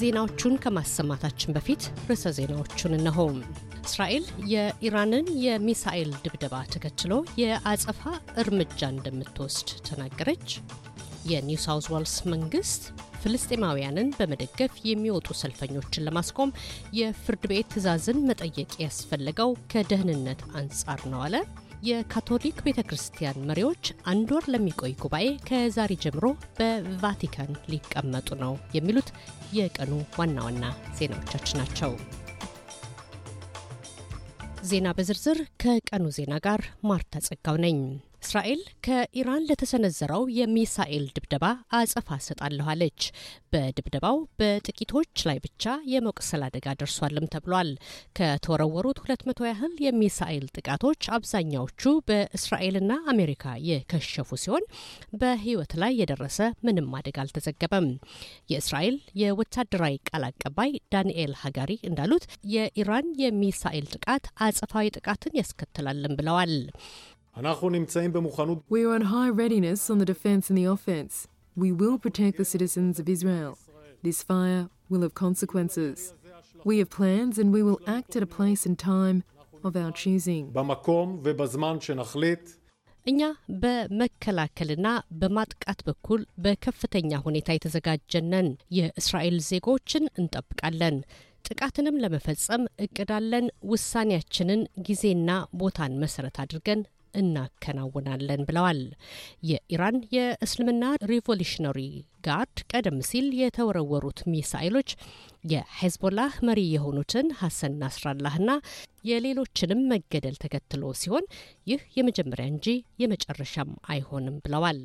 ዜናዎቹን ከማሰማታችን በፊት ርዕሰ ዜናዎቹን እነሆ። እስራኤል የኢራንን የሚሳኤል ድብደባ ተከትሎ የአጸፋ እርምጃ እንደምትወስድ ተናገረች። የኒው ሳውዝ ዋልስ መንግስት ፍልስጤማውያንን በመደገፍ የሚወጡ ሰልፈኞችን ለማስቆም የፍርድ ቤት ትዕዛዝን መጠየቅ ያስፈለገው ከደህንነት አንጻር ነው አለ። የካቶሊክ ቤተ ክርስቲያን መሪዎች አንድ ወር ለሚቆይ ጉባኤ ከዛሬ ጀምሮ በቫቲካን ሊቀመጡ ነው የሚሉት የቀኑ ዋና ዋና ዜናዎቻችን ናቸው። ዜና በዝርዝር ከቀኑ ዜና ጋር ማርታ ጸጋው ነኝ። እስራኤል ከኢራን ለተሰነዘረው የሚሳኤል ድብደባ አጸፋ ሰጣለኋለች። በድብደባው በጥቂቶች ላይ ብቻ የመቁሰል አደጋ ደርሷልም ተብሏል። ከተወረወሩት 200 ያህል የሚሳኤል ጥቃቶች አብዛኛዎቹ በእስራኤልና አሜሪካ የከሸፉ ሲሆን በሕይወት ላይ የደረሰ ምንም አደጋ አልተዘገበም። የእስራኤል የወታደራዊ ቃል አቀባይ ዳንኤል ሀጋሪ እንዳሉት የኢራን የሚሳኤል ጥቃት አጸፋዊ ጥቃትን ያስከትላልን ብለዋል። We are on high readiness on the defence and the offence. We will protect the citizens of Israel. This fire will have consequences. We have plans and we will act at a place and time of our choosing. እኛ በመከላከልና በማጥቃት በኩል በከፍተኛ ሁኔታ የተዘጋጀነን የእስራኤል ዜጎችን እንጠብቃለን። ጥቃትንም ለመፈጸም እቅዳለን። ውሳኔያችንን ጊዜና ቦታን መሰረት አድርገን እናከናውናለን ብለዋል። የኢራን የእስልምና ሪቮሉሽነሪ ጋርድ ቀደም ሲል የተወረወሩት ሚሳይሎች የሄዝቦላህ መሪ የሆኑትን ሐሰን ናስራላህና የሌሎችንም መገደል ተከትሎ ሲሆን ይህ የመጀመሪያ እንጂ የመጨረሻም አይሆንም ብለዋል።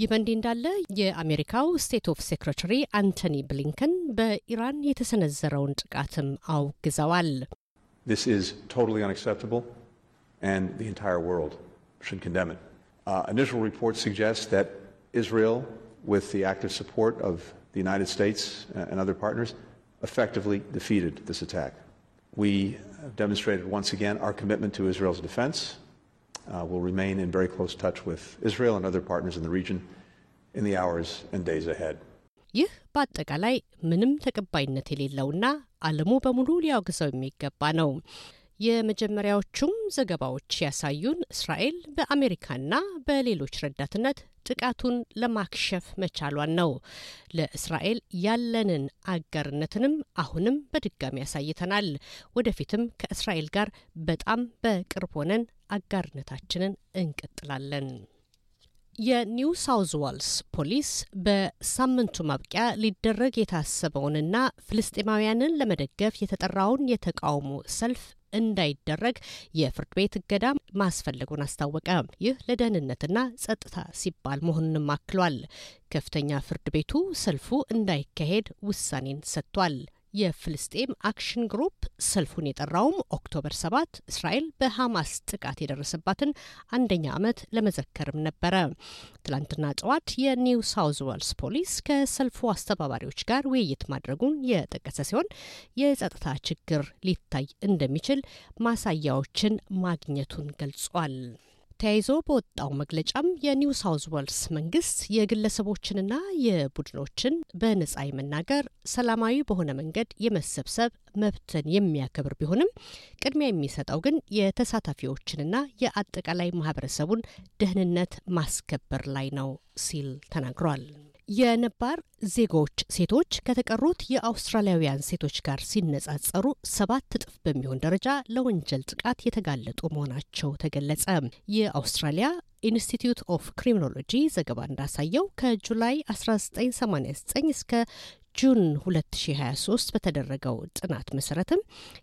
ይህ በእንዲህ እንዳለ የአሜሪካው ስቴት ኦፍ ሴክሬታሪ አንቶኒ ብሊንከን በኢራን የተሰነዘረውን ጥቃትም አውግዘዋል። This is totally unacceptable. and the entire world should condemn it. Uh, initial reports suggest that Israel, with the active support of the United States and other partners, effectively defeated this attack. We demonstrated once again our commitment to Israel's defense. Uh, we'll remain in very close touch with Israel and other partners in the region in the hours and days ahead. ይህ በአጠቃላይ ምንም ተቀባይነት የሌለውና ዓለሙ በሙሉ ሊያወግዘው የሚገባ ነው። የመጀመሪያዎቹም ዘገባዎች ያሳዩን እስራኤል በአሜሪካና በሌሎች ረዳትነት ጥቃቱን ለማክሸፍ መቻሏን ነው። ለእስራኤል ያለንን አጋርነትንም አሁንም በድጋሚ ያሳይተናል። ወደፊትም ከእስራኤል ጋር በጣም በቅርብ ሆነን አጋርነታችንን እንቀጥላለን። የኒው ሳውዝ ዋልስ ፖሊስ በሳምንቱ ማብቂያ ሊደረግ የታሰበውንና ፍልስጤማውያንን ለመደገፍ የተጠራውን የተቃውሞ ሰልፍ እንዳይደረግ የፍርድ ቤት እገዳ ማስፈለጉን አስታወቀ። ይህ ለደህንነትና ጸጥታ ሲባል መሆኑንም አክሏል። ከፍተኛ ፍርድ ቤቱ ሰልፉ እንዳይካሄድ ውሳኔን ሰጥቷል። የፍልስጤም አክሽን ግሩፕ ሰልፉን የጠራውም ኦክቶበር 7 እስራኤል በሐማስ ጥቃት የደረሰባትን አንደኛ ዓመት ለመዘከርም ነበረ። ትላንትና ጠዋት የኒው ሳውዝ ዌልስ ፖሊስ ከሰልፉ አስተባባሪዎች ጋር ውይይት ማድረጉን የጠቀሰ ሲሆን የጸጥታ ችግር ሊታይ እንደሚችል ማሳያዎችን ማግኘቱን ገልጿል። ተያይዞ በወጣው መግለጫም የኒው ሳውዝ ወልስ መንግስት የግለሰቦችንና የቡድኖችን በነጻ የመናገር ሰላማዊ በሆነ መንገድ የመሰብሰብ መብትን የሚያከብር ቢሆንም ቅድሚያ የሚሰጠው ግን የተሳታፊዎችንና የአጠቃላይ ማህበረሰቡን ደህንነት ማስከበር ላይ ነው ሲል ተናግሯል። የነባር ዜጎች ሴቶች ከተቀሩት የአውስትራሊያውያን ሴቶች ጋር ሲነጻጸሩ ሰባት እጥፍ በሚሆን ደረጃ ለወንጀል ጥቃት የተጋለጡ መሆናቸው ተገለጸ። የአውስትራሊያ ኢንስቲትዩት ኦፍ ክሪሚኖሎጂ ዘገባ እንዳሳየው ከጁላይ 1989 እስከ ጁን 2023 በተደረገው ጥናት መሰረትም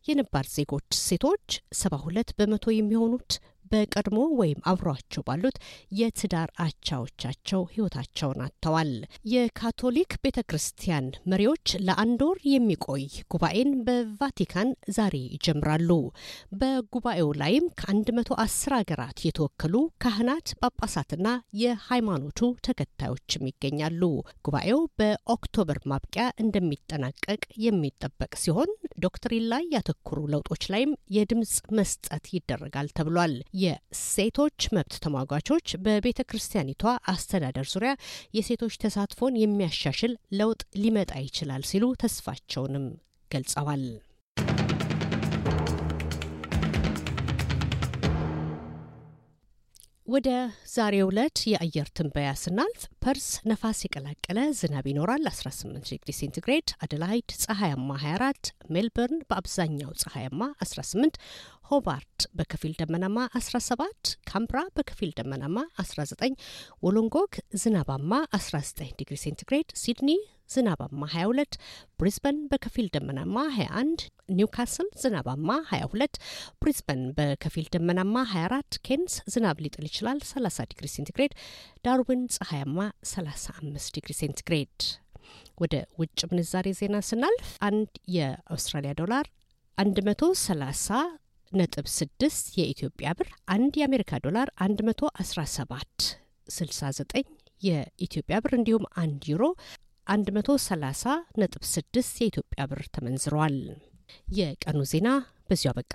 የነባር ዜጎች ሴቶች 72 በመቶ የሚሆኑት በቀድሞ ወይም አብሯቸው ባሉት የትዳር አቻዎቻቸው ህይወታቸውን አጥተዋል። የካቶሊክ ቤተ ክርስቲያን መሪዎች ለአንድ ወር የሚቆይ ጉባኤን በቫቲካን ዛሬ ይጀምራሉ። በጉባኤው ላይም ከ110 ሀገራት የተወከሉ ካህናት፣ ጳጳሳትና የሃይማኖቱ ተከታዮችም ይገኛሉ። ጉባኤው በኦክቶበር ማብቂያ እንደሚጠናቀቅ የሚጠበቅ ሲሆን ዶክትሪን ላይ ያተኩሩ ለውጦች ላይም የድምፅ መስጠት ይደረጋል ተብሏል። የሴቶች መብት ተሟጋቾች በቤተ ክርስቲያኒቷ አስተዳደር ዙሪያ የሴቶች ተሳትፎን የሚያሻሽል ለውጥ ሊመጣ ይችላል ሲሉ ተስፋቸውንም ገልጸዋል። ወደ ዛሬው ዕለት የአየር ትንበያ ስናልፍ ፐርስ ነፋስ የቀላቀለ ዝናብ ይኖራል 18 ዲግሪ ሴንቲግሬድ፣ አደላይድ ፀሐያማ 24፣ ሜልበርን በአብዛኛው ፀሐያማ 18፣ ሆባርት በከፊል ደመናማ 17፣ ካምብራ በከፊል ደመናማ 19፣ ወሎንጎግ ዝናባማ 19 ዲግሪ ሴንቲግሬድ፣ ሲድኒ ዝናባማ 22፣ ብሪዝበን በከፊል ደመናማ 21፣ ኒውካስል ዝናባማ 22፣ ብሪዝበን በከፊል ደመናማ 24፣ ኬንስ ዝናብ ሊጥል ይችላል 30 ዲግሪ ሴንቲግሬድ፣ ዳርዊን ፀሐያማ 35 ዲግሪ ሴንቲግሬድ። ወደ ውጭ ምንዛሬ ዜና ስናልፍ አንድ የአውስትራሊያ ዶላር 130 ነጥብ 6 የኢትዮጵያ ብር አንድ የአሜሪካ ዶላር 117 69 የኢትዮጵያ ብር እንዲሁም 1 ዩሮ 130 ነጥብ 6 የኢትዮጵያ ብር ተመንዝረዋል። የቀኑ ዜና በዚሁ በቃ